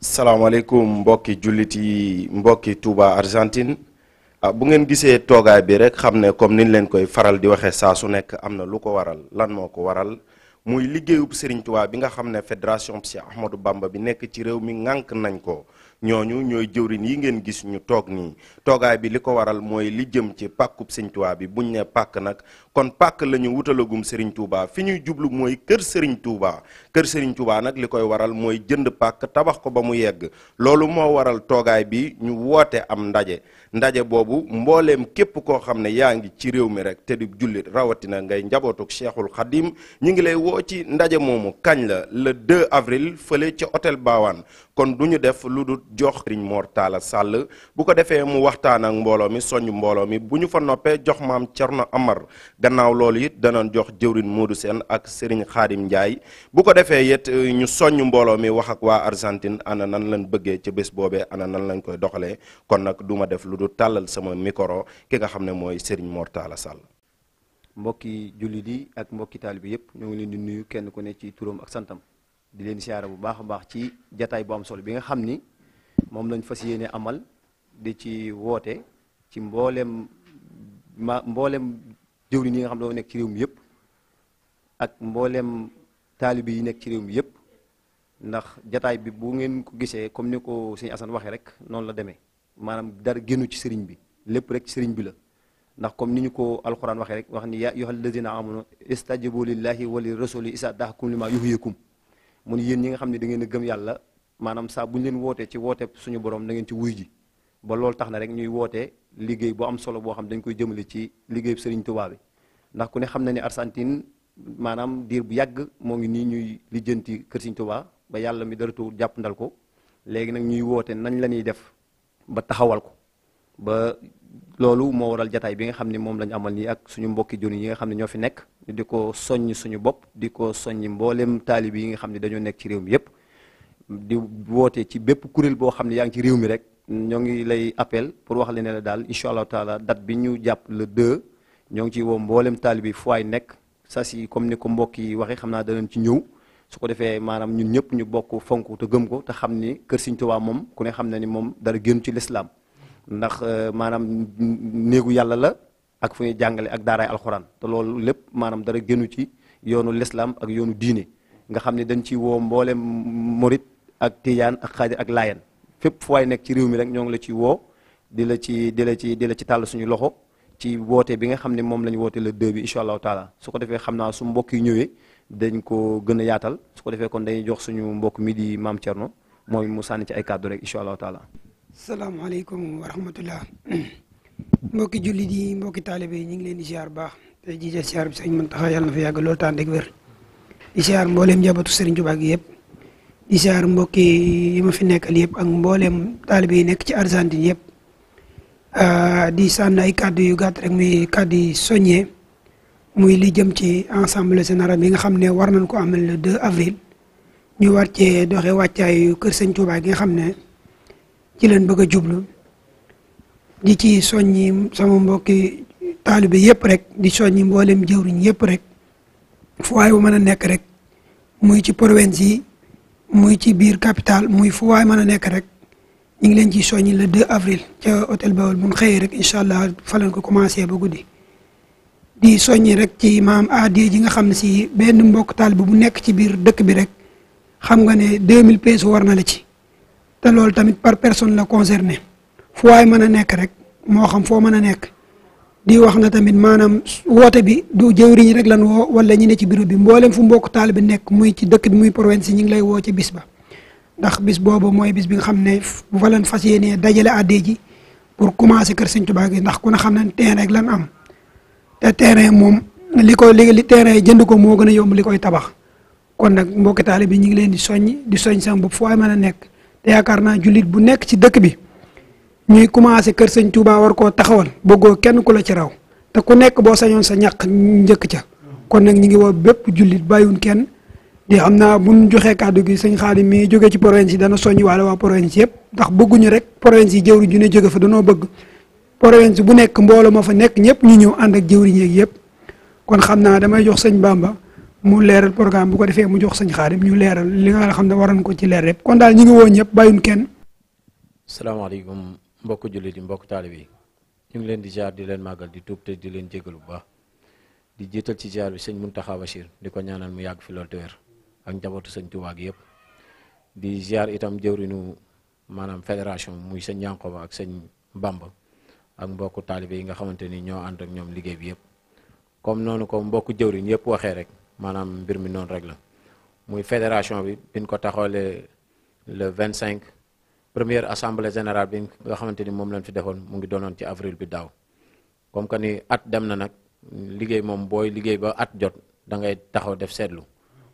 salaamaaleykum mbokki jullit yi mbokki Touba Argentine ah bu ngeen gisee toogaay bi rek xam ne comme niñ leen koy faral di waxee saa su nekk am na lu ko waral lan moo ko waral muy liggéeyub Serigne Touba bi nga xam ne fédération Cheikh Ahmadou bàmba bi nekk ci réew mi ŋànk nañ ko. ñooñu ñooy jëwrin yi ngeen gis ñu toog nii toogaay bi li ko waral mooy li jëm ci pàkkub sëñ Tuubaa bi buñ ne pàkk nag kon pàkk lañu ñu wutalagum sëriñ Tuubaa fi ñuy jublu mooy kër sëriñ Tuubaa kër sëriñ nag li koy waral mooy jënd pàkk tabax ko ba mu yegg loolu moo waral toogaay bi ñu woote am ndaje ndaje boobu mbooleem képp koo xam ne yaa ngi ci réew mi rek te di jullit rawatina ngay njabootuk Cheikhul Khadim ñu ngi lay woo ci ndaje moomu kañ la le 2 avril fële ci hôtel Bawane jox Serigne Mor sàll bu ko defee mu waxtaan ak mbooloo mi soññ mbooloo mi bu ñu fa noppee jox maam Thierno Amar gannaaw loolu yit danañ jox jëwrin Modou Sène ak Serigne Khadim Ndiaye bu ko defee yet euh, ñu soññ mbooloo mi wax ak waa Argentine ana nan lañ bëggee ci bés boobee ana nan lañ koy doxalee kon nag duma def lu du tàllal sama micro ki nga xam ne mooy Serigne Mor Talla Sall. mbokki jullit yi ak mbokki taalibe bi yëpp ñoo ngi leen di nuyu kenn ku ne ci turam ak santam di leen siyaara bu baax a baax ci jataay bu am bi nga xam ni moom lañ fas yéene amal di ci woote ci mboolem ma mboolem jëwriñ yi nga xam ne doo nekk ci réew mi yëpp ak mboolem taalibi yi nekk ci réew yëpp ndax jataay bi bu ngeen ko gisee comme ni ko sëñ Assane waxee rek noonu la demee maanaam dara génnu ci sëriñ bi lépp rek sëriñ bi la ndax comme ni ñu ko alxuraan waxee rek wax ni yaa ayyuhal na amanu istajibu lillahi wa li rasuli isa daxakum lima yuhyikum mun yéen ñi nga xam ne da ngeen a gëm yàlla maanaam saa bu ñu leen wootee ci woote suñu borom na ngeen ci wuy ji ba loolu tax na rek ñuy wootee liggéey bu am solo boo xam dañ koy jëmale ci liggéey Serigne Touba bi ndax ku ne xam na ne Argentine maanaam diir bu yàgg moo ngi nii ñuy lijjanti kër Serigne Touba ba yàlla mi dara tuur jàpp ndal ko léegi nag ñuy woote nañ la ñuy def ba taxawal ko ba loolu moo waral jataay bi nga xam ne moom la amal nii ak suñu mbokki joni yi nga xam ne ñoo fi nekk di ko soññ suñu bopp di ko soññ mboolem taalib yi nga xam ne dañoo nekk ci réew mi yépp di woote ci bépp kuréel boo xam ne yaa ngi ci réew mi rek ñoo ngi lay appel pour wax la ne la daal incha allahu taala date bi ñu jàpp la 2 ñoo ngi ci woo mboolem taalibi fu waay nekk sa si comme ni ko mbokk yi waxee xam naa danañ ci ñëw su ko defee maanaam ñun ñëpp ñu bokk fonk te gëm ko xam ni kër Sëriñ Tuubaa moom ku ne xam na ni moom dara génn ci lislaam ndax euh, maanaam néegu yàlla la ak fu ñuy jàngale ak daaraay alxuraan te loolu lépp maanaam dara génnu ci yoonu lislaam ak yoonu diine nga xam ne dañ ci woo mboolem morit ak tijaan ak xaadir ak laayan fépp fu waay nekk ci réew mi rek ñoo ngi la ci woo di la ci di ci la ci tàll suñu loxo ci woote bi nga xam ne moom la ñu woote le deux bi incha allahu taala su ko defee xam naa su mbokk yi ñëwee dañ ko gën a yaatal su defee kon dañuy jox suñu mbokk mi di maam Thierno mooy mu sànni ci ay kàddu rek incha allahu taala. salaamaaleykum wa rahmatullah mbokki jullit yi mbokki taalibe yi ñu ngi leen di ziar baax te jiital ziar bi sëñ Muntaxa yàlla na fa yàgg lool tànn ak wér di ziar mbooleem njabootu Serigne Touba yëpp di ziar mbokk yi ma fi nekkal yëpp ak mbooleem taalibe yi nekk ci Argentine yëpp ah, di sànn ay kàddu yu gàtt rek muy kàddu yi muy li jëm ci assemblée générale bi nga xam ne war nañ ko amal le 2 avril ñu war cee doxee wàccaayu kër sëñ gi nga xam ne ci leen bëgg a jublu di ci soññi sama mbokki taalibe yëpp rek di soññi mbooleem jëwriñ yëpp rek fu waay bu mën a nekk rek muy ci province yi. muy ci biir capital muy fu waay mën a nekk rek ñu ngi leen ci soññi le 2 avril ca hôtel Bawol bu mu xëyee rek incha allah fa ko commencé ba guddi di soññi rek ci maam aadiya ji nga xam ne si benn mbokk taalibe bu nekk ci biir dëkk bi rek xam nga ne mille pesos war na la ci te loolu tamit par personne la concerné fu waay mën a nekk rek moo xam foo mën a nekk. di wax na tamit maanaam woote bi du jëwriñ rek lan woo wala ñi ne ci bureau bi mboolem fu mbokk taalibe nekk muy ci dëkk bi muy province si ñu ngi lay woo ci bis ba ndax bis boobu mooy bis bi nga xam ne bu fa leen fas yéenee dajale àddee ji pour commencer kër Sëñ Tuubaa gi ndax ku ne xam ne terrain rek lan am te terrain moom li ko li terrain jënd ko moo gën a yomb li koy tabax kon nag mbokki taalibe bi ñu ngi leen di soññ di soñ sama bopp foo ay mën a nekk te yaakaar naa jullit bu nekk ci dëkk bi ñuy commencé kër sëñ Touba war koo taxawal bëggoo kenn ku la ci raw te ku nekk boo sañoon sa ñaq njëkk ca kon nag ñu ngi woo bépp jullit bàyyiwun kenn di xam naa buñ joxee kàddu gi sëñ Xaadim mi jóge ci province yi dana soññ waale waa province yëpp ndax bëgguñu rek province yi jëwriñ ju ne jóge fa danoo bëgg province bu nekk mbooloo ma fa nekk ñëpp ñu ñëw ànd ak jëwriñ yeeg yëpp kon xam naa damay jox sëñ Bamba mu leeral programme bu ko defee mu jox sëñ Xaadim ñu leeral li nga xam ne waroon ko ci leer kon daal ñu ngi woo ñëpp bàyyun kenn salaamaaleykum mbokku jullit yi mbokku taalib yi ñu ngi leen di jaar di leen màggal di tuub te di leen jégal bu baax di jiital ci jaar bi sëñ Muntaxa Bachir di ko ñaanal mu yàgg fi loolu te wér ak njabootu sañ Tuubaa gi yëpp di jaar itam jëwrinu maanaam fédération muy sëñ Yankoba ak sëñ Bamba ak mbokku taalibe yi nga xamante ni ñoo ànd ak ñoom liggéey bi yëpp comme noonu ko mbokku jëwriñ yëpp waxee rek maanaam mbir mi noonu rek la muy fédération bi biñ ko taxoolee le 25 première assemblée générale bi nga xamante ni moom lañ fi defoon mu ngi doonoon ci avril bi daaw comme que ni at dem na nag liggéey moom booy liggéey ba at jot da ngay taxaw def seetlu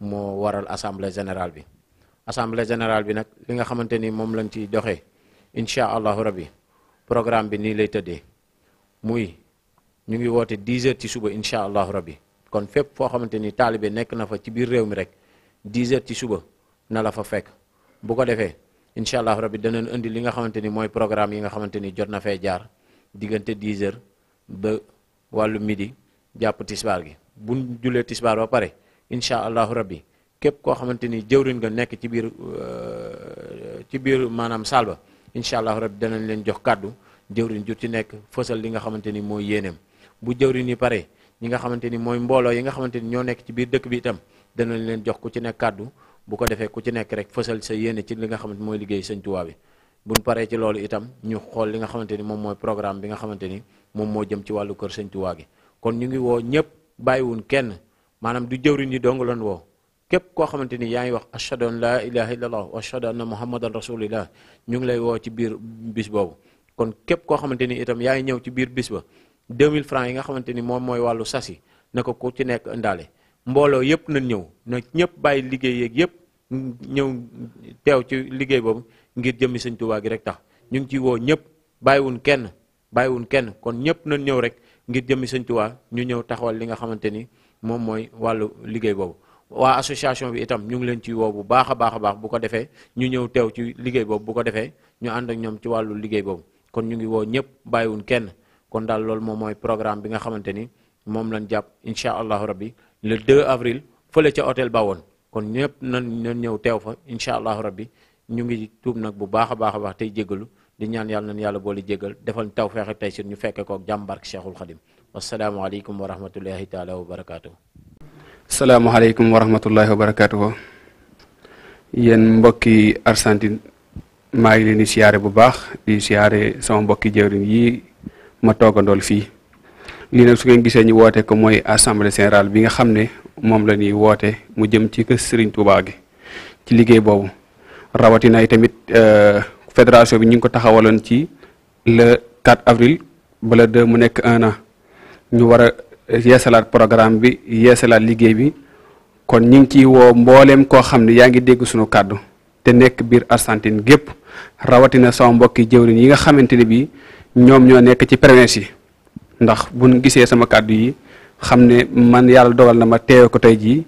moo waral assemblée général bi assemblée général bi nag li nga xamante ni moom lañ ciy doxee incha allahu rabbi programme bi nii lay tëddee muy ñu ngi woote 10 heures ci suba incha allahu rabbi kon fépp foo xamante ni taalibe nekk na fa ci biir réew mi rek 10 heures ci suba na la fa fekk bu ko defee incha allah rabbi danañ indi li nga xamante ni mooy programme yi nga xamante na fee jaar diggante 10 heures ba wàllu midi jàpp tisbaar gi bu ñu julee tisbaar ba pare incha allahu rabbi képp koo xamante ni jëwriñ nga nekk ci biir euh, ci biir maanaam salba incha allahu rabbi danañ leen jox kàddu jëwriñ jur ci nekk fësal li nga xamante ni mooy yéeneem bu jëwriñ yi pare ñi nga xamante ni mooy mbooloo yi nga xamante ni ñoo nekk ci biir dëkk bi itam danañ leen jox ku ci nekk kàddu bu ko defee ku ci nekk rek fësal sa yéene ci li nga xamante mooy liggéey sëñ Tuubaa bi buñ paree ci loolu itam ñu xool li nga xamante ni moom mooy programme bi nga xamante ni moom moo jëm ci wàllu kër sëñ gi kon ñu ngi woo ñëpp bàyyiwun kenn maanaam du jëwriñ yi dong lan woo képp koo xamante ni yaa ngi wax ashhadu an laa ilaha illallah wa ashhadu anna muhammadan rasulillah ñu ngi lay woo ci biir bis boobu kon képp koo xamante ni itam yaa ngi ñëw ci biir bis ba 2000 francs yi nga xamante ni moom mooy wàllu sasi na ko ku ci nekk indaale mbooloo yëpp nañ ñëw na ñëpp bàyyi liggéey yeeg yëpp ñëw teew ci liggéey boobu ngir jëmmi sëñ Tuubaa gi rek tax ñu ngi ciy woo ñëpp bàyyiwun kenn bàyyiwun kenn kon ñëpp nañ ñëw rek ngir jëmmi sëñ Tuubaa ñu ñëw taxawal li nga xamante ni moom mooy wàllu liggéey boobu waa association bi itam ñu ngi leen ci woo bu baax a baax a baax bu ko defee ñu ñëw teew ci boobu bu ko defee ñu ànd ak ñoom ci wàllu liggéey boobu kon ñu ngi woo ñëpp bàyyiwun kenn kon daal loolu moom mooy programme bi nga xamante ni moom lañ jàpp incha allahu rabbi le 2 avril fële ca hôtel Bawon kon ñëpp nan nan ñëw teew fa incha allahu rabbi ñu ngi tuub nag bu baax a baax a baax tey jégalu di ñaan yàlla nan yàlla boole jégal defal taw feexe tey si ñu fekke kook jàmm barke Cheikhul Khadim wasalaamualeykum wa rahmatullahi taala wa barakaatu. salaamualeykum wa rahmatullahi wa barakaatu. yéen mbokki Argentine maa ngi leen di siyaare bu baax di siyaare sama mbokki jëwriñ yi ma toogandool fii. lii nag su ngeen gisee ñu woote ko mooy assemblée sénérale bi nga xam ne moom la ñuy woote mu jëm ci kër Serigne Touba gi ci liggéey boobu rawatina yi tamit euh, fédération bi ñu ngi ko taxawaloon ci le 4 avril bala de mu nekk un an ñu war a yeesalaat programme bi yeesalaat liggéey bi kon ñu ngi ciy woo mbooleem koo xam ne yaa ngi dégg suñu kàddu te nekk biir Argentine gépp rawatina sama mbokki jëwriñ yi nga xamante ne bi ñoom ñoo nekk ci province yi ndax bu buñ gisee sama kàddu yi xam ne man yàlla dogal na ma teewe ko tey jii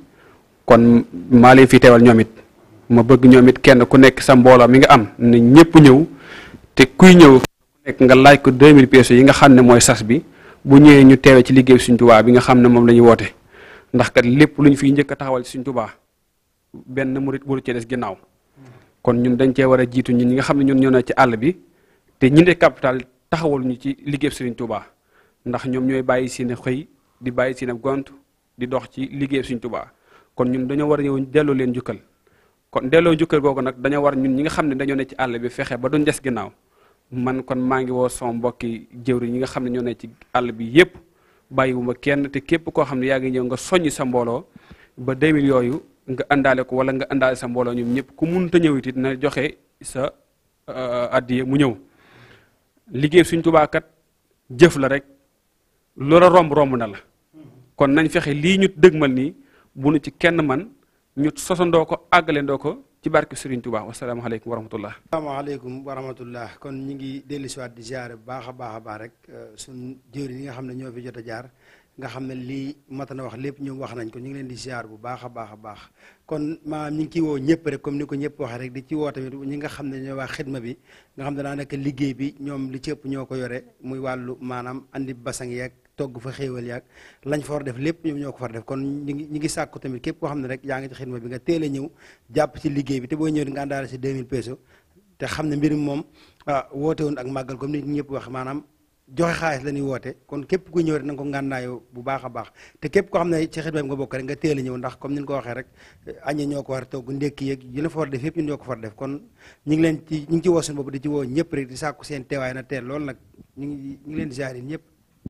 kon maa leen fi teewal ñoomit ma bëgg ñoomit kenn ku nekk sa mbooloo mi nga am ne ñëpp ñëw te kuy ñëw nekk nga laaj ko 2000 pesos yi nga xam ne mooy sas bi bu ñëwee ñu teewee ci liggéey Sëriñ bi nga xam ne moom la ñuy woote ndax kat lépp lu ñu fi njëkk taxawal ci Sëriñ Tuubaa benn murit bu ci des ginnaaw kon ñun dañ cee war a jiitu ñu ñi nga xam ne ñun ñoo ne ci àll bi te ñi ne capital taxawal ñu ci liggéey Sëriñ tubaa ndax ñoom ñooy bàyyi seen xëy di bàyyi seen gont di dox ci liggéey suñ tubaa kon ñun dañoo war a ñëw delloo leen jukkal kon delloo jukkal googu nag dañoo war ñun ñi nga xam ne dañoo ne ci àll bi fexe ba duñ des ginnaaw man kon maa ngi woo sama mbokki jëwri ñi nga xam ne ñoo ne ci àll bi yépp bàyyiwuma kenn te képp koo xam ne yaa ngi ñëw nga soññ sa mbooloo ba 2000 yooyu nga indaale ko wala nga àndaale sa mbooloo ñoom ñëpp ku mënut a ñëw it na joxe sa euh, addiye mu ñëw liggéey suñ tubaakat jëf la rek loola romb romb na la kon nañ fexe lii ñu dëgmal nii bu nu ci kenn man ñu sosandoo ko àggalandoo ko ci barke Serigne Touba wasalaamaaleykum wa rahmatullah asalaamaaleykum wa rahmatullah kon ñi ngi dellu siwaat di ziare bu baax a baax a baax rek uh, suñ jëwri yi nga xam ne ñoo fi jot a jaar nga xam ne lii matana wax lépp ñoom wax nañ ko ñu ngi leen di ziar bu baax a baax a baax kon maanaam ñi ngi ciy woo ñëpp rek comme ni ko ñëpp waxee rek di ci woo tamit ñi nga xam ne ñooy waa xidma bi nga xam ne daanaka liggéey bi ñoom li ci ëpp ñoo ko yore muy wàllu maanaam andi basang yeeg togg fa xéewal yaag lañ fa war def lépp ñoom ñoo ko far def kon ñu ngi ñu ngi sàkku tamit képp koo xam ne rek yaa ngi ci a ñëw jàpp ci liggéey moom ah, woote woon ak màggal comme nit ñëpp wax maanaam joxe xaalis la ñuy woote kon képp ku ñëw rek na nga bu baax a baax te képp koo xam ne ci xidma bi nga teel a ñëw ndax comme ko waxee rek eh, añe ñoo ko war a togg ndékki yeeg yu la fa war def yëpp ñun ñoo ko far def kon ñu ngi leen ci ñu bopp di ci woo ñëpp rek di sàkku seen teewaay na teel loolu nag ñu leen di ziar